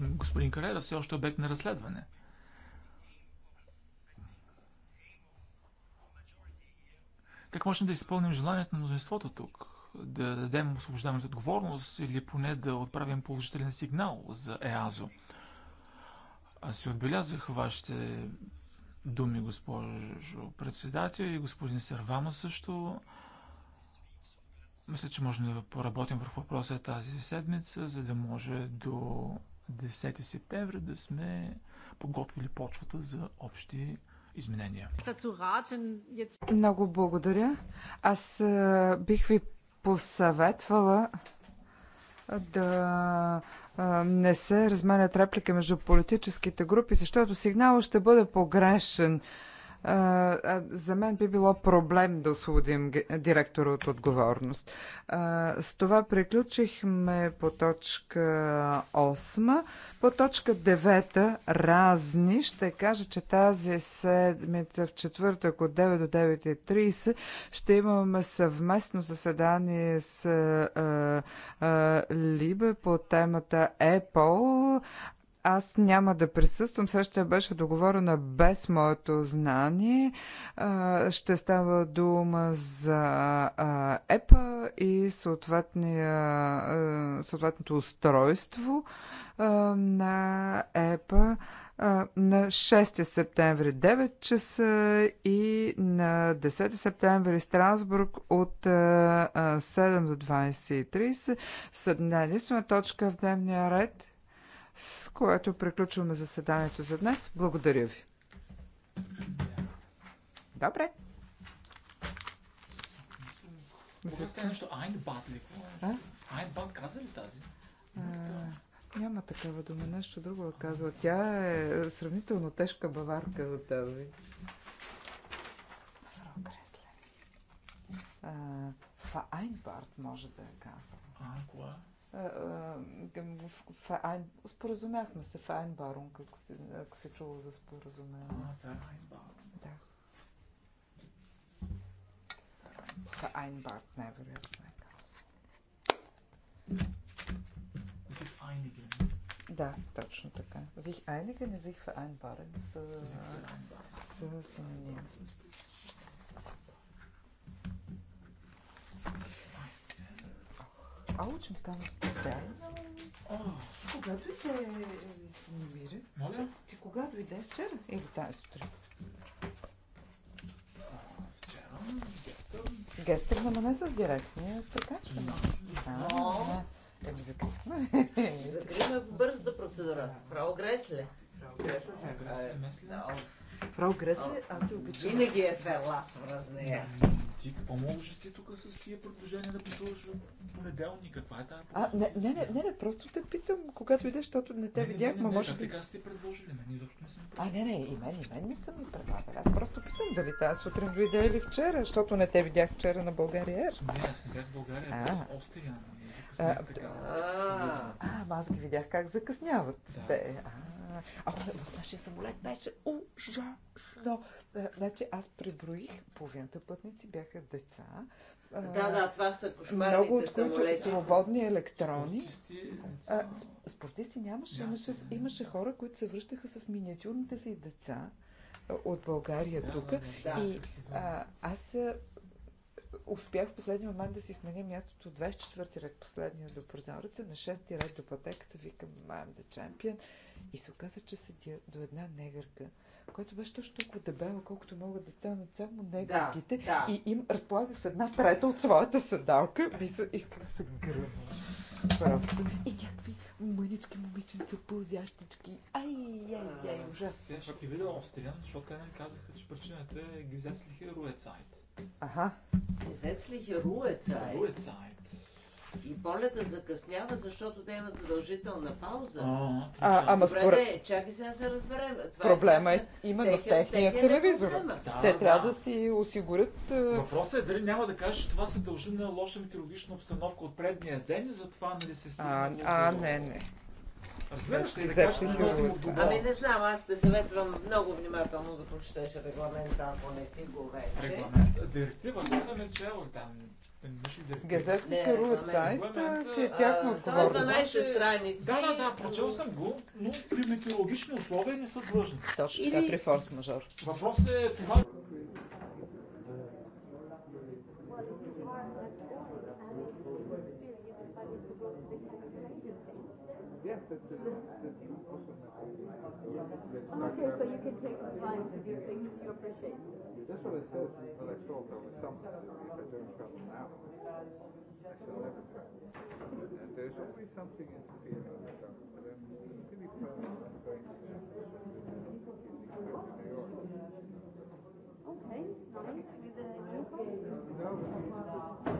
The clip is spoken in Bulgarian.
господин Карера все още обект на разследване. Как можем да изпълним желанието на мнозинството тук? Да дадем освобождаване от отговорност или поне да отправим положителен сигнал за ЕАЗО? Аз си отбелязах вашите думи, госпожо председател и господин Сервама също. Мисля, че можем да поработим върху въпроса тази седмица, за да може до 10 септември да сме подготвили почвата за общи изменения. Много благодаря. Аз бих ви посъветвала да не се разменят реплики между политическите групи, защото сигналът ще бъде погрешен. За мен би било проблем да освободим директора от отговорност. С това приключихме по точка 8. По точка 9 разни ще кажа, че тази седмица в четвъртък от 9 до 9.30 ще имаме съвместно заседание с Либе по темата Apple. Аз няма да присъствам. Срещата беше договорена без моето знание. Ще става дума за ЕПА и съответното устройство на ЕПА на 6 септември 9 часа и на 10 септември Страсбург от 7 до 20.30. С една единствена точка в дневния ред с което приключваме заседанието за днес. Благодаря ви. Добре. нещо ли? каза ли тази? Няма такава дума, нещо друго е казала. Тя е сравнително тежка баварка за тази. Фа Айнбарт може да е казала. А, кога? Споразумяхме се Файнбарун, ако се, ако се чува за споразумение. А, Файнбарун. Да. Vereinbart, най-вероятно е казвам. Да, точно така. Зих Айнеген и Зих Vereinbaren са, са синоним. Ауч ми стана Да. Ти кога дойде е, Станимири? Моля? Ти кога дойде? Вчера или тази сутрин? Вчера. Гестър. Гестър, е но не с директния. Е така че. Да. ми закрихме. Закрихме бърза процедура. Право Гресле. Право Гресле. Право Гресле. Право ли? Аз се обичам. Винаги е ферлас в разнея. Ти какво можеш си тук с тия предложения да в понеделник? Каква е тази а, не, не, не, не, не, просто те питам, когато идеш, защото не те не, видях, ма може би... Така сте предложили, мен изобщо не съм А, не, не, и мен, и мен не съм ми предлагали. Аз просто питам дали тази сутрин дойде или вчера, защото не те видях вчера на България Ер. Не, аз не бях в България, а аз Острия. А, е а, аз ги видях как закъсняват. Да. Те. А, а, в нашия самолет беше ужасно. Е, значи аз преброих, половината пътници бяха деца. Е, да, да, това са кошмарните Много от които свободни електрони. Спортисти, е, а, спортисти нямаше. Имаше, имаше хора, които се връщаха с миниатюрните си деца от България тук. Да, и а, аз успях в последния момент да си сменя мястото от 24-ти ред, последния до прозореца, на 6-ти ред до пътеката, викам I'm the champion. И се оказа, че седя до една негърка, която беше точно толкова дебела, колкото могат да станат само негърките. Да, да. И им разполагах с една трета от своята седалка. се исках да се гръмна. Просто. И някакви мънички момиченца, пълзящички. Ай, ай, ай, е, ужасно. Сега ти видя Австрия, защото те не казаха, че причината е гизеслихи Руецайт. Аха. Gesetzliche Руецайт. Руецайт. И полета закъснява, защото те имат задължителна пауза. А, а, ама според... Е, чакай сега се разберем. Това е Проблема е, е именно в техния телевизор. Да, те да, трябва да. да си осигурят... Е, Въпросът е дали няма да кажеш, че това се дължи на лоша метеорологична обстановка от предния ден и затова нали се стигна... А, а не, не. Разбираш ли, така ще носим отговорност. Ами не знам, аз те съветвам много внимателно да прочетеш регламента, ако не си го вече. Регламент, директивата съм е чел там. Газет се керуват сайт, си е тяхна отговорност. Това е 12 е страници. Да, да, да, прочел съм го, но при метеорологични условия не са длъжни. Точно така, при форс-мажор. Въпросът е това... actually says now. And there's always something the but I'm really going to New York. Okay, nice.